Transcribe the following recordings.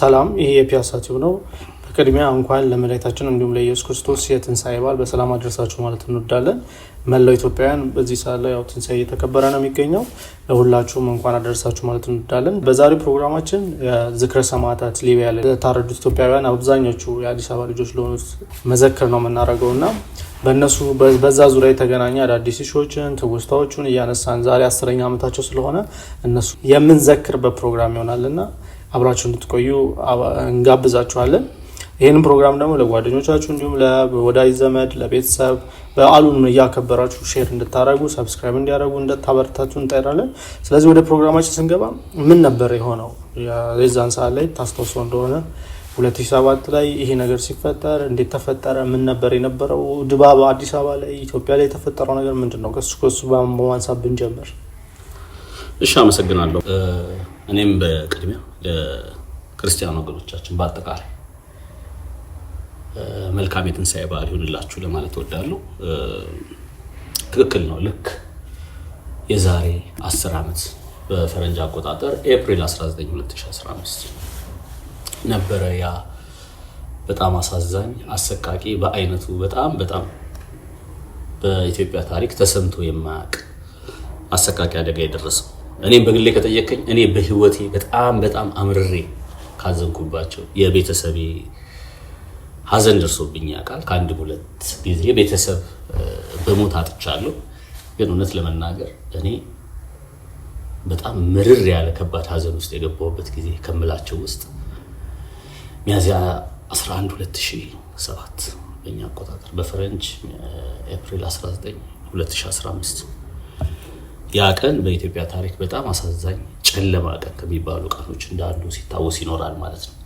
ሰላም፣ ይሄ የፒያሳ ቲዩብ ነው። በቅድሚያ እንኳን ለመድኃኒታችን እንዲሁም ለኢየሱስ ክርስቶስ የትንሣኤ በዓል በሰላም አድረሳችሁ ማለት እንወዳለን። መላው ኢትዮጵያውያን በዚህ ሰዓት ላይ ያው ትንሣኤ እየተከበረ ነው የሚገኘው። ለሁላችሁም እንኳን አደረሳችሁ ማለት እንወዳለን። በዛሬው ፕሮግራማችን የዝክረ ሰማዕታት ሊቢያ ላይ ለታረዱት ኢትዮጵያውያን አብዛኞቹ የአዲስ አበባ ልጆች ለሆኑት መዘክር ነው የምናደርገው እና በእነሱ በዛ ዙሪያ የተገናኘ አዳዲስ ሾዎችን ትውስታዎቹን እያነሳን ዛሬ አስረኛ ዓመታቸው ስለሆነ እነሱ የምንዘክርበት ፕሮግራም ይሆናል እና አብራችሁ እንድትቆዩ እንጋብዛችኋለን። ይህን ፕሮግራም ደግሞ ለጓደኞቻችሁ እንዲሁም ለወዳጅ ዘመድ፣ ለቤተሰብ በዓሉን እያከበራችሁ ሼር እንድታደረጉ ሰብስክራይብ እንዲያደረጉ እንደታበረታችሁ እንጠራለን። ስለዚህ ወደ ፕሮግራማችን ስንገባ ምን ነበር የሆነው የዛን ሰዓት ላይ ታስታውሶ እንደሆነ 2007 ላይ ይሄ ነገር ሲፈጠር እንዴት ተፈጠረ? ምን ነበር የነበረው ድባብ አዲስ አበባ ላይ ኢትዮጵያ ላይ የተፈጠረው ነገር ምንድን ነው? ከሱ ከሱ በማንሳት ብንጀምር። እሺ፣ አመሰግናለሁ። እኔም በቅድሚያ ለክርስቲያን ወገኖቻችን በአጠቃላይ መልካም የትንሣኤ በዓል ይሁንላችሁ ለማለት እወዳለሁ። ትክክል ነው። ልክ የዛሬ 10 ዓመት በፈረንጅ አቆጣጠር ኤፕሪል 19 2015 ነበረ ያ በጣም አሳዛኝ አሰቃቂ፣ በአይነቱ በጣም በጣም በኢትዮጵያ ታሪክ ተሰምቶ የማያውቅ አሰቃቂ አደጋ የደረሰው። እኔም በግሌ ከጠየቀኝ እኔ በህይወቴ በጣም በጣም አምርሬ ካዘንኩባቸው የቤተሰቤ ሀዘን ደርሶብኝ ያውቃል። ከአንድ ሁለት ጊዜ ቤተሰብ በሞት አጥቻለሁ። ግን እውነት ለመናገር እኔ በጣም ምርር ያለ ከባድ ሀዘን ውስጥ የገባሁበት ጊዜ ከምላቸው ውስጥ ሚያዚያ 11 2007 በእኛ አቆጣጠር በፈረንጅ ኤፕሪል 19 2015 ያ ቀን በኢትዮጵያ ታሪክ በጣም አሳዛኝ ጨለማ ቀን ከሚባሉ ቀኖች እንዳንዱ ሲታወስ ይኖራል ማለት ነው።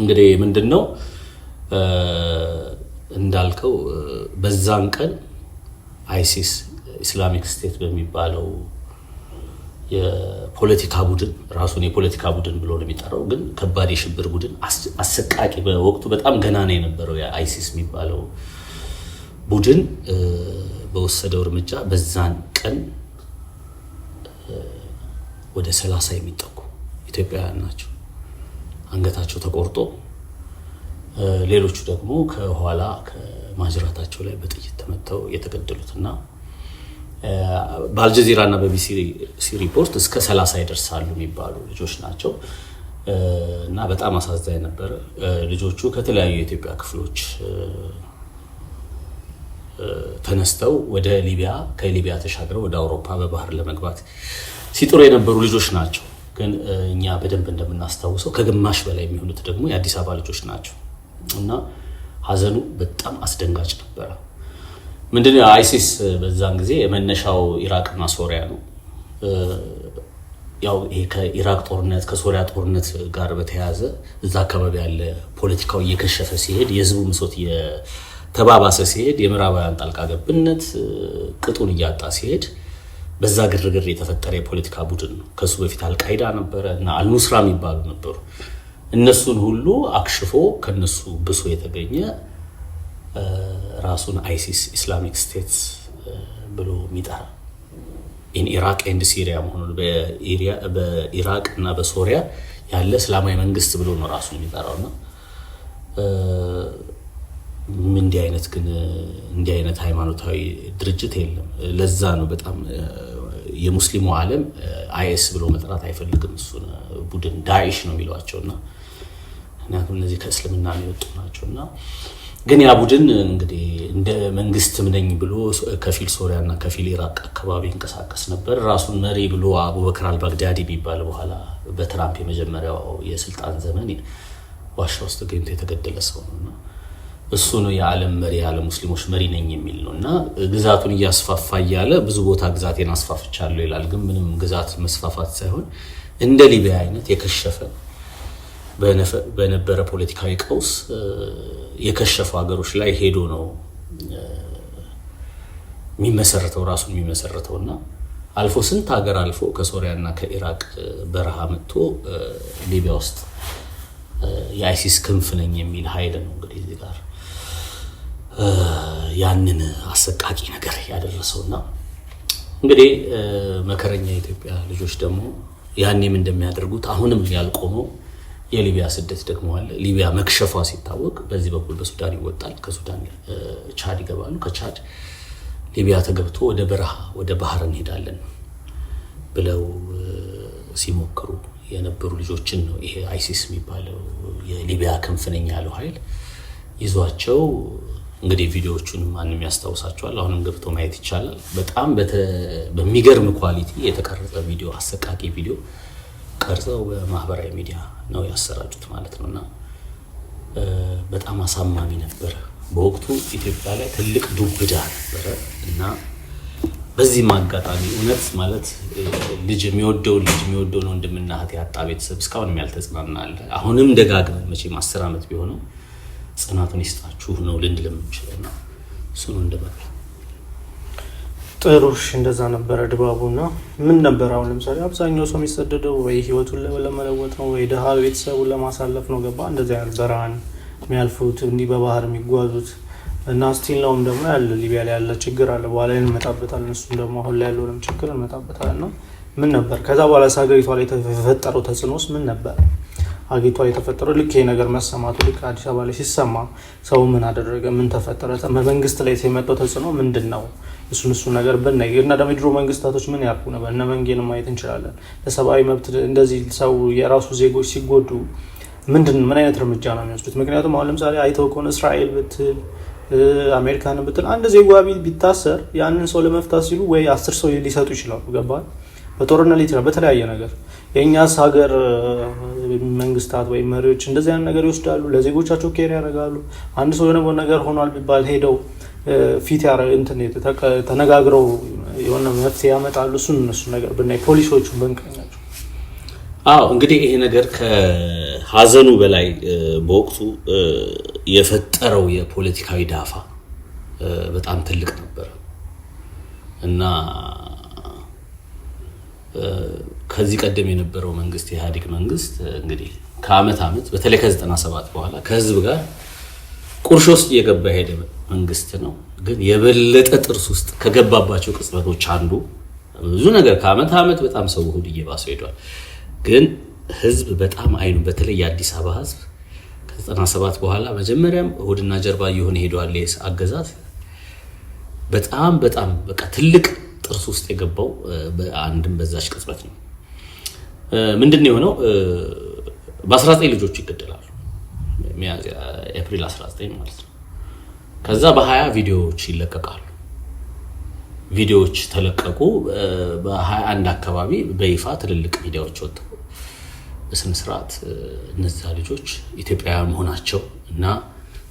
እንግዲህ ምንድን ነው እንዳልከው በዛን ቀን አይሲስ ኢስላሚክ ስቴት በሚባለው የፖለቲካ ቡድን ራሱን የፖለቲካ ቡድን ብሎ ነው የሚጠራው፣ ግን ከባድ የሽብር ቡድን አሰቃቂ፣ በወቅቱ በጣም ገና ነው የነበረው የአይሲስ የሚባለው ቡድን በወሰደው እርምጃ በዛን ቀን ወደ ሰላሳ የሚጠጉ ኢትዮጵያውያን ናቸው አንገታቸው ተቆርጦ ሌሎቹ ደግሞ ከኋላ ከማጅራታቸው ላይ በጥይት ተመተው የተገደሉት እና በአልጀዚራ እና በቢሲ ሪፖርት እስከ ሰላሳ ይደርሳሉ የሚባሉ ልጆች ናቸው እና በጣም አሳዛኝ ነበር። ልጆቹ ከተለያዩ የኢትዮጵያ ክፍሎች ተነስተው ወደ ሊቢያ ከሊቢያ ተሻግረው ወደ አውሮፓ በባህር ለመግባት ሲጥሩ የነበሩ ልጆች ናቸው። ግን እኛ በደንብ እንደምናስታውሰው ከግማሽ በላይ የሚሆኑት ደግሞ የአዲስ አበባ ልጆች ናቸው እና ሀዘኑ በጣም አስደንጋጭ ነበረ። ምንድነው አይሲስ በዛን ጊዜ የመነሻው ኢራቅና ሶሪያ ነው። ያው ይሄ ከኢራቅ ጦርነት ከሶሪያ ጦርነት ጋር በተያያዘ እዛ አካባቢ ያለ ፖለቲካው እየከሸፈ ሲሄድ፣ የህዝቡ ምሶት እየተባባሰ ሲሄድ፣ የምዕራባውያን ጣልቃ ገብነት ቅጡን እያጣ ሲሄድ በዛ ግርግር የተፈጠረ የፖለቲካ ቡድን ነው። ከሱ በፊት አልቃይዳ ነበረ እና አልኑስራ የሚባሉ ነበሩ። እነሱን ሁሉ አክሽፎ ከነሱ ብሶ የተገኘ ራሱን አይሲስ ኢስላሚክ ስቴትስ ብሎ የሚጠራ ኢራቅ ኤንድ ሲሪያ መሆኑን በኢራቅ እና በሶሪያ ያለ እስላማዊ መንግስት ብሎ ነው ራሱን የሚጠራውና እንዲህ አይነት ግን እንዲህ አይነት ሃይማኖታዊ ድርጅት የለም። ለዛ ነው በጣም የሙስሊሙ ዓለም አይኤስ ብሎ መጥራት አይፈልግም። እሱን ቡድን ዳይሽ ነው የሚሏቸው እና ምክንያቱም እነዚህ ከእስልምና የሚወጡ ናቸው እና ግን ያ ቡድን እንግዲህ እንደ መንግስትም ነኝ ብሎ ከፊል ሶሪያ እና ከፊል ኢራቅ አካባቢ ይንቀሳቀስ ነበር። ራሱን መሪ ብሎ አቡበክር አልባግዳዲ የሚባል በኋላ በትራምፕ የመጀመሪያው የስልጣን ዘመን ዋሻ ውስጥ ገኝቶ የተገደለ ሰው ነው። እሱ ነው የዓለም መሪ ሙስሊሞች መሪ ነኝ የሚል ነው እና ግዛቱን እያስፋፋ እያለ ብዙ ቦታ ግዛቴን አስፋፍቻለሁ ይላል። ግን ምንም ግዛት መስፋፋት ሳይሆን እንደ ሊቢያ አይነት የከሸፈ በነበረ ፖለቲካዊ ቀውስ የከሸፉ ሀገሮች ላይ ሄዶ ነው የሚመሰረተው ራሱን የሚመሰረተው እና አልፎ ስንት ሀገር አልፎ ከሶሪያና ከኢራቅ በረሃ መጥቶ ሊቢያ ውስጥ የአይሲስ ክንፍ ነኝ የሚል ሀይል ነው እንግዲህ ያንን አሰቃቂ ነገር ያደረሰው ያደረሰውና እንግዲህ መከረኛ የኢትዮጵያ ልጆች ደግሞ ያኔም እንደሚያደርጉት አሁንም ያልቆመው የሊቢያ ስደት ደግመዋል። ሊቢያ መክሸፏ ሲታወቅ በዚህ በኩል በሱዳን ይወጣል፣ ከሱዳን ቻድ ይገባሉ፣ ከቻድ ሊቢያ ተገብቶ ወደ በረሃ ወደ ባህር እንሄዳለን ብለው ሲሞክሩ የነበሩ ልጆችን ነው ይሄ አይሲስ የሚባለው የሊቢያ ክንፍ ነኝ ያለው ኃይል ይዟቸው እንግዲህ ቪዲዮዎቹን ማንም ያስታውሳቸዋል። አሁንም ገብቶ ማየት ይቻላል። በጣም በሚገርም ኳሊቲ የተቀረጸ ቪዲዮ፣ አሰቃቂ ቪዲዮ ቀርጸው በማህበራዊ ሚዲያ ነው ያሰራጩት ማለት ነው እና በጣም አሳማሚ ነበረ። በወቅቱ ኢትዮጵያ ላይ ትልቅ ዱብዳ ነበረ እና በዚህም አጋጣሚ እውነት ማለት ልጅ የሚወደውን ልጅ የሚወደውን ወንድምና እህት ያጣ ቤተሰብ እስካሁንም ያልተጽናናለ አሁንም ደጋግመን መቼም አስር ዓመት ቢሆነው ጽናቱን ይስጣችሁ ነው ልንድል የምንችለው ነው። እሱን እንደበል ጥሩሽ እንደዛ ነበረ ድባቡ ና ምን ነበር አሁን ለምሳሌ አብዛኛው ሰው የሚሰደደው ወይ ህይወቱን ለመለወጥ ነው ወይ ድሃ ቤተሰቡን ለማሳለፍ ነው። ገባ እንደዚህ አይነት በረሃን የሚያልፉት እንዲህ በባህር የሚጓዙት እና ስቲል ነውም ደግሞ ያለ ሊቢያ ላይ ያለ ችግር አለ። በኋላ ላይ እንመጣበታለን። እሱም ደግሞ አሁን ላይ ያለውንም ችግር እንመጣበታለን። ነው ምን ነበር ከዛ በኋላ ሀገሪቷ ላይ የተፈጠረው ተጽዕኖስ ምን ነበር? አግኝቷ የተፈጠረው ልክ ይሄ ነገር መሰማቱ ልክ አዲስ አበባ ላይ ሲሰማ ሰው ምን አደረገ? ምን ተፈጠረ? በመንግስት ላይ የመጣው ተጽዕኖ ምንድን ነው? እሱን እሱ ነገር ብናይ እና ደግሞ የድሮ መንግስታቶች ምን ያርጉ ነበር? እነ መንጌን ማየት እንችላለን። ለሰብአዊ መብት እንደዚህ ሰው የራሱ ዜጎች ሲጎዱ ምንድን ምን አይነት እርምጃ ነው የሚወስዱት? ምክንያቱም አሁን ለምሳሌ አይተው ከሆነ እስራኤል ብትል አሜሪካን ብትል አንድ ዜጋ ቢታሰር ያንን ሰው ለመፍታት ሲሉ ወይ አስር ሰው ሊሰጡ ይችላሉ። ገባል በጦርነት ሊትራ በተለያየ ነገር የእኛስ ሀገር መንግስታት ወይም መሪዎች እንደዚህ አይነት ነገር ይወስዳሉ፣ ለዜጎቻቸው ኬር ያደርጋሉ። አንድ ሰው የሆነ ነገር ሆኗል ቢባል ሄደው ፊት እንትን ተነጋግረው የሆነ መፍትሄ ያመጣሉ። እሱን እነሱ ነገር ብናይ ፖሊሲዎቹን በንቀኛቸው። አዎ እንግዲህ ይሄ ነገር ከሀዘኑ በላይ በወቅቱ የፈጠረው የፖለቲካዊ ዳፋ በጣም ትልቅ ነበር እና ከዚህ ቀደም የነበረው መንግስት የኢህአዴግ መንግስት እንግዲህ ከአመት አመት በተለይ ከ97 በኋላ ከህዝብ ጋር ቁርሾ ውስጥ እየገባ የሄደ መንግስት ነው። ግን የበለጠ ጥርስ ውስጥ ከገባባቸው ቅጽበቶች አንዱ ብዙ ነገር ከአመት ዓመት በጣም ሰው እሑድ እየባሰው ሄዷል። ግን ህዝብ በጣም አይኑ በተለይ የአዲስ አበባ ህዝብ ከ97 በኋላ መጀመሪያም እሁድና ጀርባ እየሆነ ሄዷል አገዛዝ በጣም በጣም በቃ ትልቅ ጥርስ ውስጥ የገባው አንድም በዛች ቅጽበት ነው። ምንድን ነው የሆነው? በ19 ልጆች ይገደላሉ። ኤፕሪል 19 ማለት ነው። ከዛ በ20 ቪዲዮዎች ይለቀቃሉ። ቪዲዮዎች ተለቀቁ። በ21 አካባቢ በይፋ ትልልቅ ሚዲያዎች ወጡ። በስነስርዓት እነዛ ልጆች ኢትዮጵያውያን መሆናቸው እና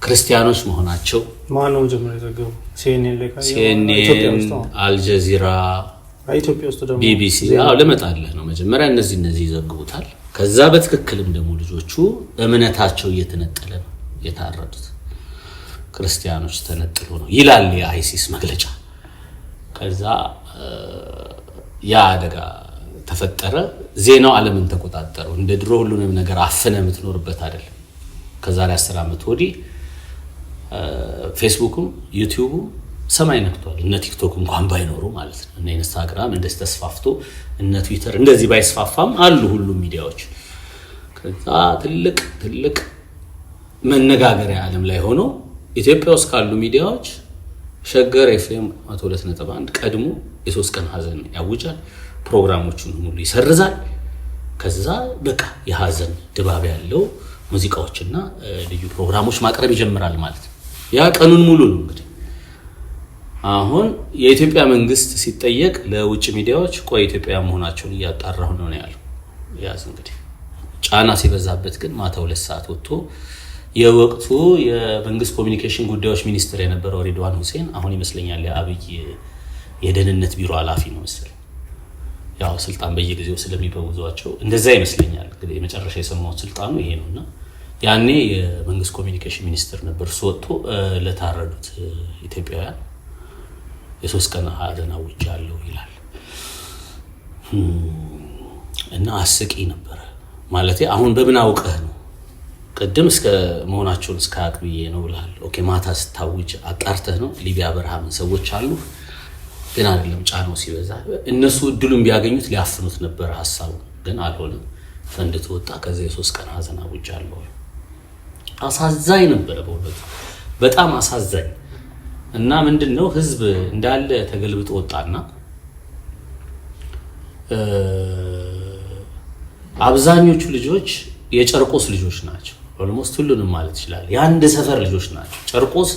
ክርስቲያኖች መሆናቸው ማነው መጀመሪያ የዘገቡ? ሲኤንኤን፣ አልጀዚራ፣ ቢቢሲ። ልመጣልህ ነው መጀመሪያ እነዚህ እነዚህ ይዘግቡታል። ከዛ በትክክልም ደግሞ ልጆቹ እምነታቸው እየተነጠለ ነው የታረዱት። ክርስቲያኖች ተነጥሎ ነው ይላል የአይሲስ መግለጫ። ከዛ ያ አደጋ ተፈጠረ። ዜናው ዓለምን ተቆጣጠረው። እንደ ድሮ ሁሉንም ነገር አፍነ የምትኖርበት አይደለም። ከዛሬ አስር ዓመት ወዲህ ፌስቡክም ዩቲዩብም። ሰማይ ነክቷል። እነ ቲክቶክ እንኳን ባይኖሩ ማለት ነው። እነ ኢንስታግራም እንደዚህ ተስፋፍቶ እነ ትዊተር እንደዚህ ባይስፋፋም አሉ ሁሉም ሚዲያዎች። ከዛ ትልቅ ትልቅ መነጋገሪያ ዓለም ላይ ሆኖ ኢትዮጵያ ውስጥ ካሉ ሚዲያዎች ሸገር ኤፍኤም 21 ቀድሞ የሶስት ቀን ሀዘን ያውጃል። ፕሮግራሞቹን ሁሉ ይሰርዛል። ከዛ በቃ የሀዘን ድባብ ያለው ሙዚቃዎችና ልዩ ፕሮግራሞች ማቅረብ ይጀምራል ማለት ነው። ያ ቀኑን ሙሉ ነው እንግዲህ አሁን የኢትዮጵያ መንግስት ሲጠየቅ ለውጭ ሚዲያዎች ቆይ ኢትዮጵያ መሆናቸውን እያጣራሁ ነው ነው ያለው። ያዝ እንግዲህ ጫና ሲበዛበት ግን ማታ ሁለት ሰዓት ወጥቶ የወቅቱ የመንግስት ኮሚኒኬሽን ጉዳዮች ሚኒስትር የነበረው ሬድዋን ሁሴን አሁን ይመስለኛል የአብይ የደህንነት ቢሮ ኃላፊ ነው መሰለኝ። ያው ስልጣን በየጊዜው ስለሚበውዟቸው እንደዛ ይመስለኛል። እንግዲህ የመጨረሻ የሰማሁት ስልጣኑ ይሄ ነው እና ያኔ የመንግስት ኮሚኒኬሽን ሚኒስትር ነበር እሱ ወጥቶ ለታረዱት ኢትዮጵያውያን የሶስት ቀን ሀዘን አለው ይላል እና አስቂ ነበረ ማለት አሁን በምን አውቀህ ነው? ቅድም እስከ መሆናቸውን እስከ አቅብዬ ነው ብለሃል። ኦኬ ማታ ስታውጭ አጣርተህ ነው? ሊቢያ በረሃምን ሰዎች አሉ ግን አይደለም ጫነው ሲበዛ እነሱ እድሉን ቢያገኙት ሊያፍኑት ነበረ ሀሳቡ ግን አልሆነም። ፈንድቶ ወጣ። ከዚ የሶስት ቀን ሀዘን አውጃለሁ አሳዛኝ ነበረ በእውነቱ በጣም አሳዛኝ እና ምንድን ነው ህዝብ እንዳለ ተገልብጦ ወጣና አብዛኞቹ ልጆች የጨርቆስ ልጆች ናቸው። ኦልሞስት ሁሉንም ማለት ይችላል የአንድ ሰፈር ልጆች ናቸው። ጨርቆስ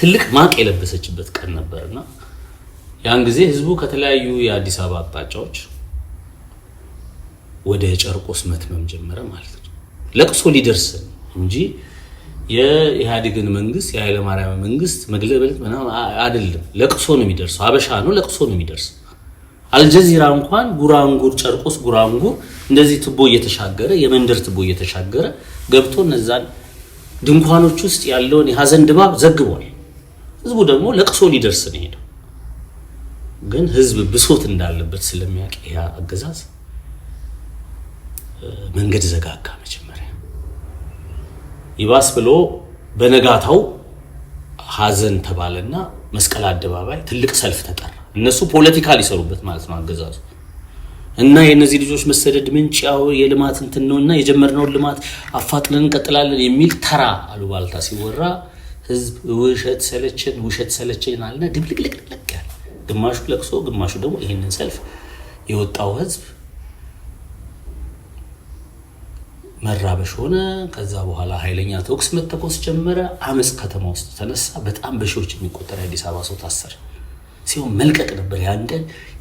ትልቅ ማቅ የለበሰችበት ቀን ነበርና ያን ጊዜ ህዝቡ ከተለያዩ የአዲስ አበባ አቅጣጫዎች ወደ ጨርቆስ መትመም ጀመረ ማለት ነው። ለቅሶ ሊደርስ እንጂ የኢህአዴግን መንግስት የኃይለማርያም መንግስት መግለበልጥ አይደለም። ለቅሶ ነው የሚደርሰው። አበሻ ነው ለቅሶ ነው የሚደርሰው። አልጀዚራ እንኳን ጉራንጉር ጨርቆስ ጉራንጉር እንደዚህ ትቦ እየተሻገረ የመንደር ትቦ እየተሻገረ ገብቶ እነዛን ድንኳኖች ውስጥ ያለውን የሀዘን ድባብ ዘግቧል። ህዝቡ ደግሞ ለቅሶ ሊደርስ ነው ሄደው። ግን ህዝብ ብሶት እንዳለበት ስለሚያውቅ ያ አገዛዝ መንገድ ዘጋጋ መቼም ይባስ ብሎ በነጋታው ሀዘን ተባለና መስቀል አደባባይ ትልቅ ሰልፍ ተጠራ። እነሱ ፖለቲካ ሊሰሩበት ማለት ነው አገዛዙ እና የእነዚህ ልጆች መሰደድ ምንጭ ያው የልማት እንትን ነው እና የጀመርነውን ልማት አፋጥነን እንቀጥላለን የሚል ተራ አሉባልታ ሲወራ ህዝብ ውሸት ሰለችን ውሸት ሰለችን አለና ድብልቅልቅልቅ ያለ ግማሹ ለቅሶ፣ ግማሹ ደግሞ ይህንን ሰልፍ የወጣው ህዝብ መራበሽ ሆነ። ከዛ በኋላ ኃይለኛ ተኩስ መተኮስ ጀመረ። አመፅ ከተማ ውስጥ ተነሳ። በጣም በሺዎች የሚቆጠር የአዲስ አበባ ሰው ታሰረ። ሲሆን መልቀቅ ነበር ያንደ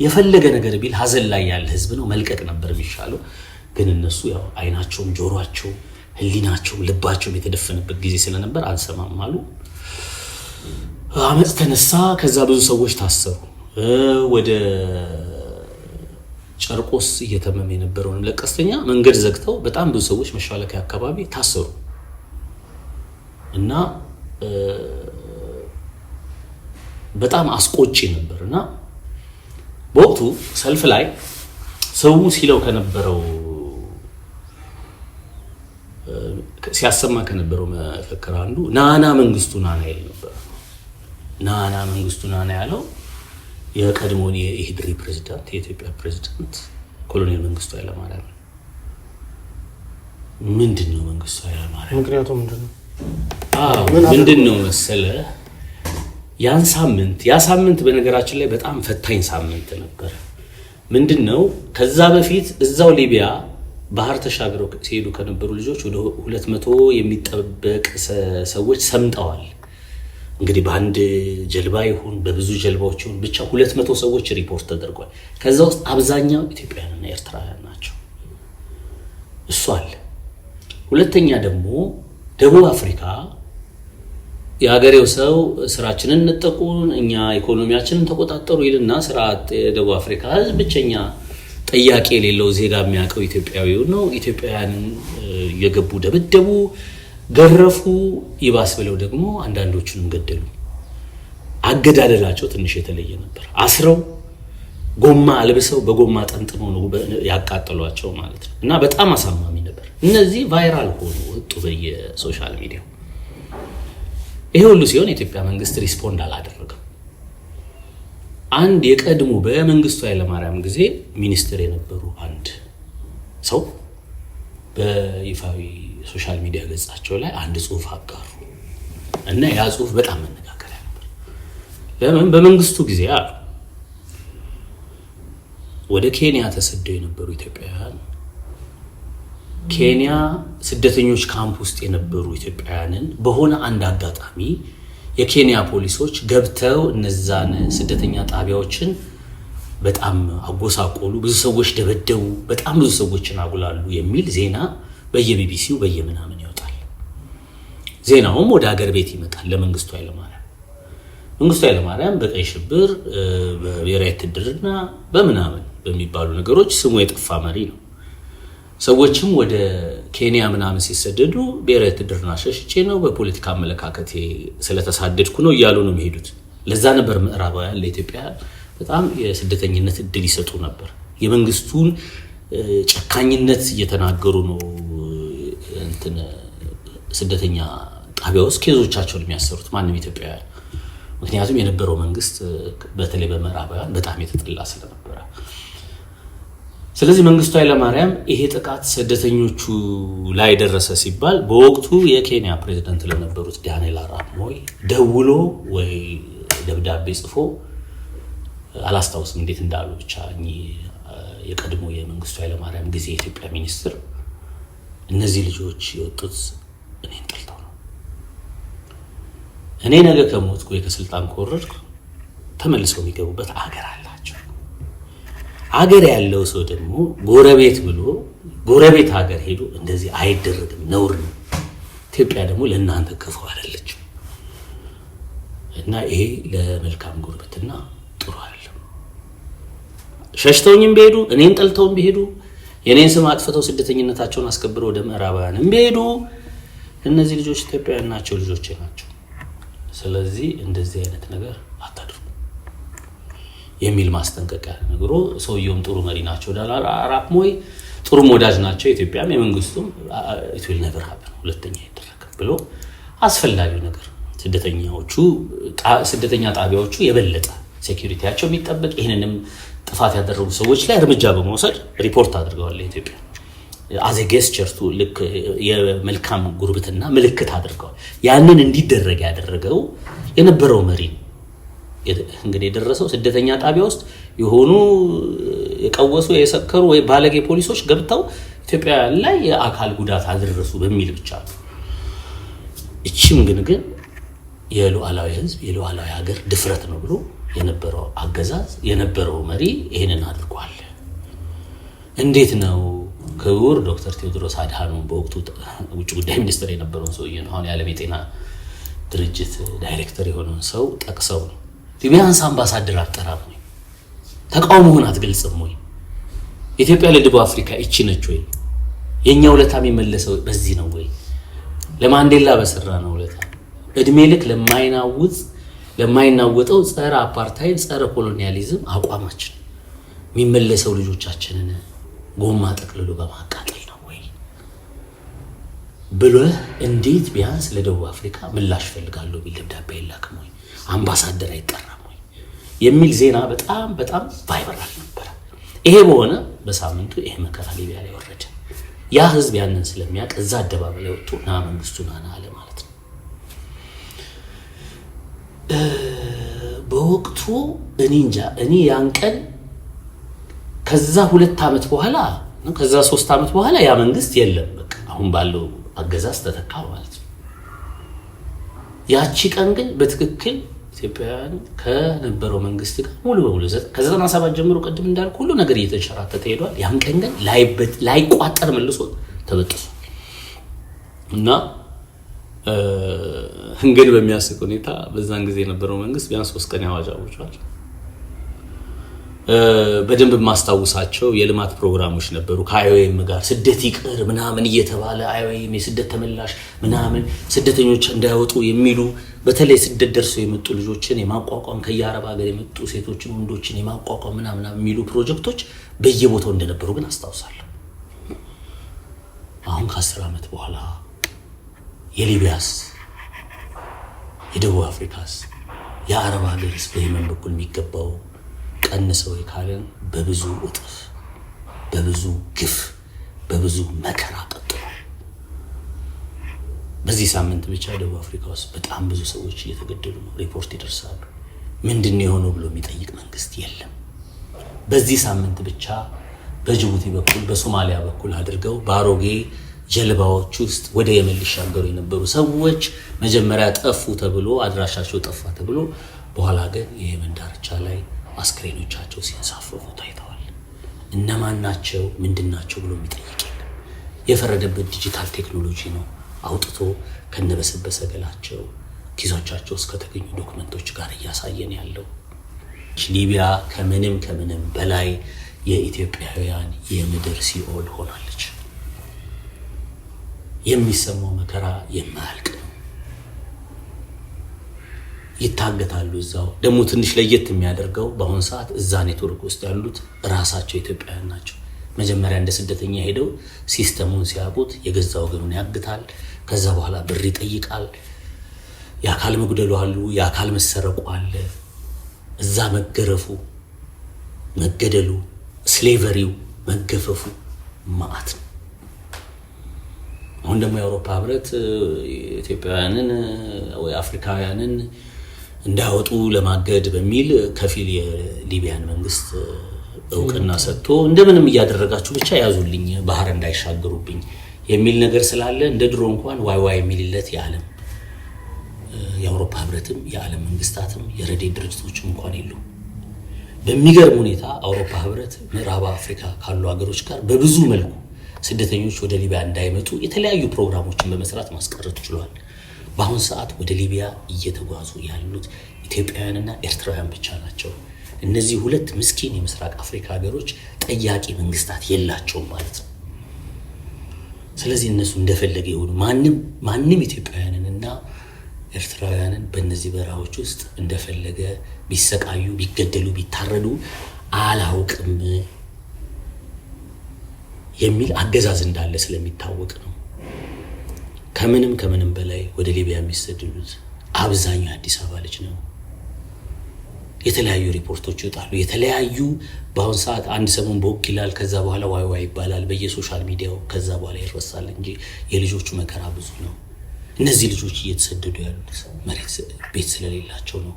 የፈለገ ነገር ቢል ሀዘን ላይ ያለ ህዝብ ነው፣ መልቀቅ ነበር የሚሻለው። ግን እነሱ ያው አይናቸውም፣ ጆሯቸውም፣ ህሊናቸውም ልባቸውም የተደፈነበት ጊዜ ስለነበር አልሰማም አሉ። አመፅ ተነሳ። ከዛ ብዙ ሰዎች ታሰሩ ወደ ጨርቆስ እየተመመ የነበረውንም ለቀስተኛ መንገድ ዘግተው በጣም ብዙ ሰዎች መሻለካ አካባቢ ታሰሩ እና በጣም አስቆጪ ነበር እና በወቅቱ ሰልፍ ላይ ሰው ሲለው ከነበረው ሲያሰማ ከነበረው መፈክር አንዱ ናና መንግስቱ ናና ይል ነበር። ናና መንግስቱ ናና ያለው የቀድሞውን የኢህድሪ ፕሬዚዳንት የኢትዮጵያ ፕሬዚዳንት ኮሎኔል መንግስቱ ኃይለማርያም ነው። ምንድን ነው መንግስቱ ኃይለማርያም ምክንያቱ ምንድን ነው? ምንድን ነው መሰለ ያን ሳምንት ያ ሳምንት በነገራችን ላይ በጣም ፈታኝ ሳምንት ነበረ። ምንድን ነው ከዛ በፊት እዛው ሊቢያ ባህር ተሻግረው ሲሄዱ ከነበሩ ልጆች ወደ ሁለት መቶ የሚጠበቅ ሰዎች ሰምጠዋል። እንግዲህ በአንድ ጀልባ ይሁን በብዙ ጀልባዎች ይሁን ብቻ ሁለት መቶ ሰዎች ሪፖርት ተደርጓል። ከዛ ውስጥ አብዛኛው ኢትዮጵያውያንና ኤርትራውያን ናቸው። እሱ አለ። ሁለተኛ ደግሞ ደቡብ አፍሪካ የሀገሬው ሰው ስራችንን እንጠቁን እኛ ኢኮኖሚያችንን ተቆጣጠሩ ይልና ስርዓት የደቡብ አፍሪካ ህዝብ ብቸኛ ጥያቄ የሌለው ዜጋ የሚያውቀው ኢትዮጵያዊ ነው። ኢትዮጵያውያን እየገቡ ደበደቡ። ገረፉ፣ ይባስ ብለው ደግሞ አንዳንዶቹንም ገደሉ። አገዳደላቸው ትንሽ የተለየ ነበር። አስረው ጎማ አልብሰው በጎማ ጠንጥመው ነው ያቃጠሏቸው ማለት ነው። እና በጣም አሳማሚ ነበር። እነዚህ ቫይራል ሆኑ ወጡ በየሶሻል ሚዲያው። ይሄ ሁሉ ሲሆን የኢትዮጵያ መንግስት ሪስፖንድ አላደረገም። አንድ የቀድሞ በመንግስቱ ኃይለማርያም ጊዜ ሚኒስትር የነበሩ አንድ ሰው በይፋዊ ሶሻል ሚዲያ ገጻቸው ላይ አንድ ጽሁፍ አጋሩ እና ያ ጽሁፍ በጣም መነጋገሪያ ነበር። ለምን በመንግስቱ ጊዜ አሉ ወደ ኬንያ ተሰደው የነበሩ ኢትዮጵያውያን ኬንያ ስደተኞች ካምፕ ውስጥ የነበሩ ኢትዮጵያውያንን በሆነ አንድ አጋጣሚ የኬንያ ፖሊሶች ገብተው እነዛን ስደተኛ ጣቢያዎችን በጣም አጎሳቆሉ፣ ብዙ ሰዎች ደበደቡ፣ በጣም ብዙ ሰዎችን አጉላሉ የሚል ዜና በየቢቢሲው በየምናምን ይወጣል። ዜናውም ወደ ሀገር ቤት ይመጣል። ለመንግስቱ ኃይለማርያም መንግስቱ ኃይለማርያም በቀይ ሽብር፣ በብሔራዊ ውትድርና፣ በምናምን በሚባሉ ነገሮች ስሙ የጠፋ መሪ ነው። ሰዎችም ወደ ኬንያ ምናምን ሲሰደዱ ብሔራዊ ውትድርና ሸሽቼ ነው በፖለቲካ አመለካከቴ ስለተሳደድኩ ነው እያሉ ነው የሚሄዱት። ለዛ ነበር ምዕራባውያን ለኢትዮጵያ በጣም የስደተኝነት እድል ይሰጡ ነበር። የመንግስቱን ጨካኝነት እየተናገሩ ነው እንትን ስደተኛ ጣቢያ ውስጥ ኬዞቻቸውን የሚያሰሩት ማንም ኢትዮጵያውያን። ምክንያቱም የነበረው መንግስት በተለይ በምዕራባውያን በጣም የተጠላ ስለነበረ፣ ስለዚህ መንግስቱ ኃይለማርያም ይሄ ጥቃት ስደተኞቹ ላይ ደረሰ ሲባል በወቅቱ የኬንያ ፕሬዚደንት ለነበሩት ዳንኤል አራፕ ሞይ ደውሎ ወይ ደብዳቤ ጽፎ አላስታውስም እንዴት እንዳሉ ብቻ የቀድሞ የመንግስቱ ኃይለማርያም ጊዜ የኢትዮጵያ ሚኒስትር እነዚህ ልጆች የወጡት እኔን ጠልተው ነው። እኔ ነገ ከሞትኩ ወይ ከስልጣን ከወረድኩ ተመልሰው የሚገቡበት አገር አላቸው። አገር ያለው ሰው ደግሞ ጎረቤት ብሎ ጎረቤት ሀገር ሄዶ እንደዚህ አይደረግም፣ ነውር ነው። ኢትዮጵያ ደግሞ ለእናንተ ክፉ አይደለችም። እና ይሄ ለመልካም ጉርብትና ጥሩ አይደለም። ሸሽተውኝም ቢሄዱ እኔን ጠልተውም ቢሄዱ የኔን ስም አጥፍተው ስደተኝነታቸውን አስከብረው ወደ ምዕራባውያን ቢሄዱ እነዚህ ልጆች ኢትዮጵያውያን ናቸው፣ ልጆቼ ናቸው። ስለዚህ እንደዚህ አይነት ነገር አታድርጉ የሚል ማስጠንቀቂያ ነግሮ፣ ሰውየውም ጥሩ መሪ ናቸው አራፕ ሞይ ጥሩ ወዳጅ ናቸው፣ ኢትዮጵያም የመንግስቱም ኢትል ነበር ሁለተኛ ይደረግ ብሎ አስፈላጊው ነገር ስደተኛዎቹ ስደተኛ ጣቢያዎቹ የበለጠ ሴኪሪቲያቸው የሚጠበቅ ይህንንም ጥፋት ያደረጉ ሰዎች ላይ እርምጃ በመውሰድ ሪፖርት አድርገዋል። ኢትዮጵያ አዜ ጌስቸርቱ ልክ የመልካም ጉርብትና ምልክት አድርገዋል። ያንን እንዲደረግ ያደረገው የነበረው መሪ እንግዲህ የደረሰው ስደተኛ ጣቢያ ውስጥ የሆኑ የቀወሱ የሰከሩ ወይ ባለጌ ፖሊሶች ገብተው ኢትዮጵያውያን ላይ የአካል ጉዳት አደረሱ በሚል ብቻ ነው። እቺም ግን ግን የሉዓላዊ ህዝብ የሉዓላዊ ሀገር ድፍረት ነው ብሎ የነበረው አገዛዝ የነበረው መሪ ይህንን አድርጓል። እንዴት ነው ክቡር ዶክተር ቴዎድሮስ አድሃኖም በወቅቱ ውጭ ጉዳይ ሚኒስትር የነበረውን ሰው ነው አሁን የዓለም የጤና ድርጅት ዳይሬክተር የሆነውን ሰው ጠቅሰው ነው ቢያንስ አምባሳደር አጠራም ወይ ተቃውሞውን አትገልጽም ወይ? ኢትዮጵያ ለደቡብ አፍሪካ እቺ ነች ወይ? የእኛ ውለታ የሚመለሰው በዚህ ነው ወይ? ለማንዴላ በሰራ ነው ውለታ እድሜ ልክ ለማይናውጥ የማይናወጠው ጸረ አፓርታይድ ጸረ ኮሎኒያሊዝም አቋማችን የሚመለሰው ልጆቻችንን ጎማ ጠቅልሎ በማቃጠል ነው ወይ ብለህ እንዴት ቢያንስ ለደቡብ አፍሪካ ምላሽ ፈልጋለሁ የሚል ደብዳቤ አይላክም ወይ? አምባሳደር አይጠራም ወይ? የሚል ዜና በጣም በጣም ቫይበራል ነበረ። ይሄ በሆነ በሳምንቱ ይሄ መከራ ሊቢያ ላይ ወረደ። ያ ህዝብ ያንን ስለሚያውቅ እዛ አደባባይ ወጥቶ ና መንግስቱ ናና አለ። በወቅቱ እኔ እንጃ እኔ ያን ቀን ከዛ ሁለት ዓመት በኋላ ከዛ ሶስት ዓመት በኋላ ያ መንግስት የለም፣ በቃ አሁን ባለው አገዛዝ ተተካ ማለት ነው። ያቺ ቀን ግን በትክክል ኢትዮጵያውያን ከነበረው መንግስት ጋር ሙሉ በሙሉ ከዘጠና ሰባት ጀምሮ ቅድም እንዳልኩ ሁሉ ነገር እየተንሸራተተ ሄዷል። ያን ቀን ግን ላይቋጠር መልሶ ተበጥሷል እና ግን በሚያስቅ ሁኔታ በዛን ጊዜ የነበረው መንግስት ቢያንስ ሶስት ቀን ያዋጅ አውጇል። በደንብ የማስታውሳቸው የልማት ፕሮግራሞች ነበሩ ከአይኦኤም ጋር ስደት ይቅር ምናምን እየተባለ አይኦኤም የስደት ተመላሽ ምናምን ስደተኞች እንዳይወጡ የሚሉ በተለይ ስደት ደርሰው የመጡ ልጆችን የማቋቋም ከየአረብ ሀገር የመጡ ሴቶችን ወንዶችን የማቋቋም ምናምን የሚሉ ፕሮጀክቶች በየቦታው እንደነበሩ ግን አስታውሳለሁ። አሁን ከአስር ዓመት በኋላ የሊቢያስ የደቡብ አፍሪካስ የአረብ ሀገርስ በየመን በኩል የሚገባው ቀንሰው የካለን በብዙ እጥፍ በብዙ ግፍ በብዙ መከራ ቀጥሏል። በዚህ ሳምንት ብቻ ደቡብ አፍሪካ ውስጥ በጣም ብዙ ሰዎች እየተገደሉ ነው፣ ሪፖርት ይደርሳሉ። ምንድን የሆነው ብሎ የሚጠይቅ መንግስት የለም። በዚህ ሳምንት ብቻ በጅቡቲ በኩል በሶማሊያ በኩል አድርገው በአሮጌ ጀልባዎች ውስጥ ወደ የመን ሊሻገሩ የነበሩ ሰዎች መጀመሪያ ጠፉ ተብሎ አድራሻቸው ጠፋ ተብሎ፣ በኋላ ግን የየመን ዳርቻ ላይ አስክሬኖቻቸው ሲንሳፈፉ ታይተዋል። እነማን ናቸው ምንድን ናቸው ብሎ የሚጠይቅ የለም። የፈረደበት ዲጂታል ቴክኖሎጂ ነው። አውጥቶ ከነበሰበሰ ገላቸው ኪሶቻቸው እስከተገኙ ዶክመንቶች ጋር እያሳየን ያለው ሊቢያ ከምንም ከምንም በላይ የኢትዮጵያውያን የምድር ሲኦል ሆናለች። የሚሰማው መከራ የማያልቅ ነው። ይታገታሉ እዛው። ደግሞ ትንሽ ለየት የሚያደርገው በአሁኑ ሰዓት እዛ ኔትወርክ ውስጥ ያሉት ራሳቸው ኢትዮጵያውያን ናቸው። መጀመሪያ እንደ ስደተኛ ሄደው ሲስተሙን ሲያውቁት የገዛ ወገኑን ያግታል። ከዛ በኋላ ብር ይጠይቃል። የአካል መጉደሉ አሉ፣ የአካል መሰረቁ አለ፣ እዛ መገረፉ፣ መገደሉ፣ ስሌቨሪው፣ መገፈፉ ማአት ነው። አሁን ደግሞ የአውሮፓ ህብረት ኢትዮጵያውያንን ወይ አፍሪካውያንን እንዳያወጡ ለማገድ በሚል ከፊል የሊቢያን መንግስት እውቅና ሰጥቶ እንደምንም እያደረጋችሁ ብቻ ያዙልኝ ባህር እንዳይሻገሩብኝ የሚል ነገር ስላለ እንደ ድሮ እንኳን ዋይ ዋይ የሚልለት የዓለም የአውሮፓ ህብረትም የዓለም መንግስታትም የረዴ ድርጅቶችም እንኳን የሉም። በሚገርም ሁኔታ አውሮፓ ህብረት ምዕራብ አፍሪካ ካሉ ሀገሮች ጋር በብዙ መልኩ ስደተኞች ወደ ሊቢያ እንዳይመጡ የተለያዩ ፕሮግራሞችን በመስራት ማስቀረት ችሏል። በአሁን ሰዓት ወደ ሊቢያ እየተጓዙ ያሉት ኢትዮጵያውያንና ኤርትራውያን ብቻ ናቸው። እነዚህ ሁለት ምስኪን የምስራቅ አፍሪካ ሀገሮች ጠያቂ መንግስታት የላቸውም ማለት ነው። ስለዚህ እነሱ እንደፈለገ የሆኑ ማንም ኢትዮጵያውያንንና ኤርትራውያንን በእነዚህ በረሃዎች ውስጥ እንደፈለገ ቢሰቃዩ፣ ቢገደሉ፣ ቢታረዱ አላውቅም። የሚል አገዛዝ እንዳለ ስለሚታወቅ ነው። ከምንም ከምንም በላይ ወደ ሊቢያ የሚሰደዱት አብዛኛው አዲስ አበባ ልጅ ነው። የተለያዩ ሪፖርቶች ይወጣሉ። የተለያዩ በአሁን ሰዓት አንድ ሰሞን በወቅ ይላል፣ ከዛ በኋላ ዋይ ዋይ ይባላል በየሶሻል ሚዲያው፣ ከዛ በኋላ ይረሳል እንጂ የልጆቹ መከራ ብዙ ነው። እነዚህ ልጆች እየተሰደዱ ያሉት መሬት ቤት ስለሌላቸው ነው።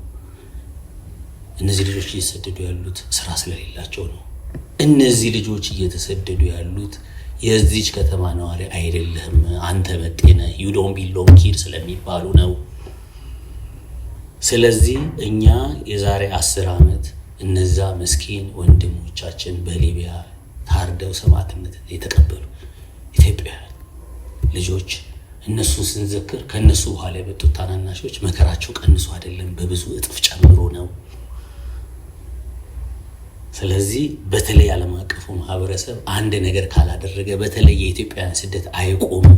እነዚህ ልጆች እየተሰደዱ ያሉት ስራ ስለሌላቸው ነው። እነዚህ ልጆች እየተሰደዱ ያሉት የዚች ከተማ ነዋሪ አይደለህም፣ አንተ በጤነ ዩዶን ቢሎም ኪድ ስለሚባሉ ነው። ስለዚህ እኛ የዛሬ አስር ዓመት እነዛ መስኪን ወንድሞቻችን በሊቢያ ታርደው ሰማዕትነት የተቀበሉ ኢትዮጵያውያን ልጆች እነሱን ስንዘክር ከእነሱ በኋላ የመጡት ታናናሾች መከራቸው ቀንሶ አይደለም፣ በብዙ እጥፍ ጨምሮ ነው። ስለዚህ በተለይ ዓለም አቀፉ ማህበረሰብ አንድ ነገር ካላደረገ በተለይ የኢትዮጵያውያን ስደት አይቆምም።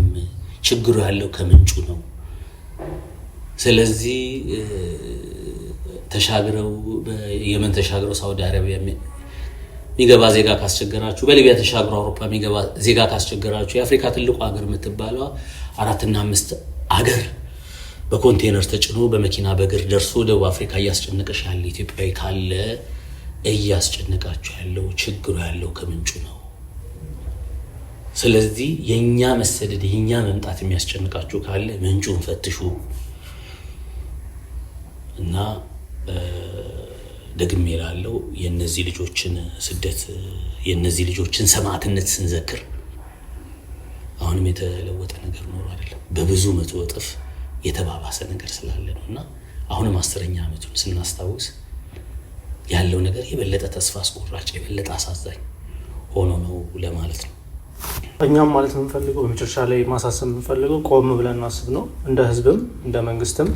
ችግሩ ያለው ከምንጩ ነው። ስለዚህ ተሻግረው የመን ተሻግረው ሳውዲ አረቢያ የሚገባ ዜጋ ካስቸገራችሁ፣ በሊቢያ ተሻግረው አውሮፓ የሚገባ ዜጋ ካስቸገራችሁ፣ የአፍሪካ ትልቁ ሀገር የምትባለዋ አራትና አምስት አገር በኮንቴነር ተጭኖ በመኪና በእግር ደርሶ ደቡብ አፍሪካ እያስጨነቀሽ ያለ ኢትዮጵያዊ ካለ እያስጨነቃችሁ ያለው ችግሩ ያለው ከምንጩ ነው። ስለዚህ የእኛ መሰደድ የእኛ መምጣት የሚያስጨንቃችሁ ካለ ምንጩን ፈትሹ እና ደግሜ እላለሁ የእነዚህ ልጆችን ስደት የነዚህ ልጆችን ሰማዕትነት ስንዘክር አሁንም የተለወጠ ነገር ኖሮ አይደለም፣ በብዙ መቶ እጥፍ የተባባሰ ነገር ስላለ ነው እና አሁንም አስረኛ ዓመቱን ስናስታውስ ያለው ነገር የበለጠ ተስፋ አስቆራጭ የበለጠ አሳዛኝ ሆኖ ነው ለማለት ነው። እኛም ማለት የምንፈልገው በመጨረሻ ላይ ማሳሰብ የምንፈልገው ቆም ብለን ማስብ ነው። እንደ ህዝብም እንደ መንግስትም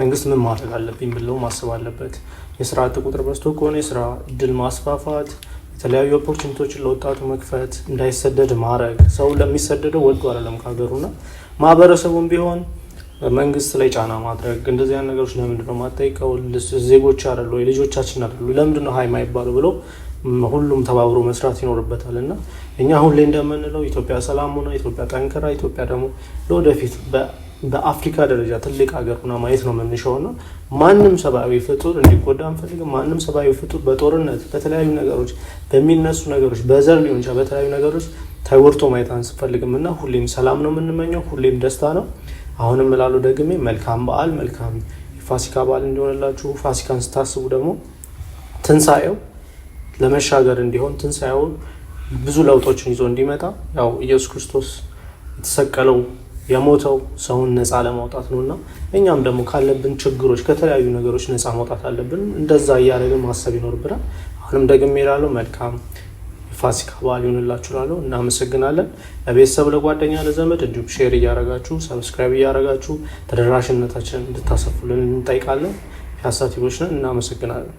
መንግስት ምን ማድረግ አለብኝ ብለው ማሰብ አለበት። የስራ አጥ ቁጥር በዝቶ ከሆነ የስራ እድል ማስፋፋት፣ የተለያዩ ኦፖርቹኒቲዎችን ለወጣቱ መክፈት፣ እንዳይሰደድ ማድረግ። ሰው ለሚሰደደው ወዱ አይደለም ከሀገሩና ማህበረሰቡም ቢሆን መንግስት ላይ ጫና ማድረግ እንደዚህ አይነት ነገሮች ለምንድን ነው የማጠይቀው? ዜጎች አይደሉ ወይ ልጆቻችን አይደሉ ለምንድን ነው ሀይ የማይባሉ ብሎ ሁሉም ተባብሮ መስራት ይኖርበታል። እና እኛ አሁን ላይ እንደምንለው ኢትዮጵያ ሰላም ሆና፣ ኢትዮጵያ ጠንክራ፣ ኢትዮጵያ ደግሞ ለወደፊት በአፍሪካ ደረጃ ትልቅ ሀገር ሆና ማየት ነው የምንሻው። እና ማንም ሰብአዊ ፍጡር እንዲጎዳ አንፈልግም። ማንም ሰብአዊ ፍጡር በጦርነት በተለያዩ ነገሮች በሚነሱ ነገሮች በዘር ሊሆን ይችላል በተለያዩ ነገሮች ተጎድቶ ማየት አንስፈልግም። እና ሁሌም ሰላም ነው የምንመኘው፣ ሁሌም ደስታ ነው። አሁንም ላሉ ደግሜ መልካም በዓል መልካም የፋሲካ በዓል እንዲሆንላችሁ። ፋሲካን ስታስቡ ደግሞ ትንሣኤው ለመሻገር እንዲሆን ትንሣኤው ብዙ ለውጦችን ይዞ እንዲመጣ ያው ኢየሱስ ክርስቶስ የተሰቀለው የሞተው ሰውን ነፃ ለማውጣት ነው እና እኛም ደግሞ ካለብን ችግሮች ከተለያዩ ነገሮች ነፃ ማውጣት አለብን። እንደዛ እያደረግን ማሰብ ይኖርብናል። አሁንም ደግሜ እላለሁ መልካም ፋሲካ በዓል ይሆንላችሁ እላለሁ። እናመሰግናለን። ለቤተሰብ ለጓደኛ፣ ለዘመድ እንዲሁም ሼር እያረጋችሁ ሰብስክራይብ እያረጋችሁ ተደራሽነታችን እንድታሰፉልን እንጠይቃለን። ፒያሳ ቲቪዎች ነን። እናመሰግናለን።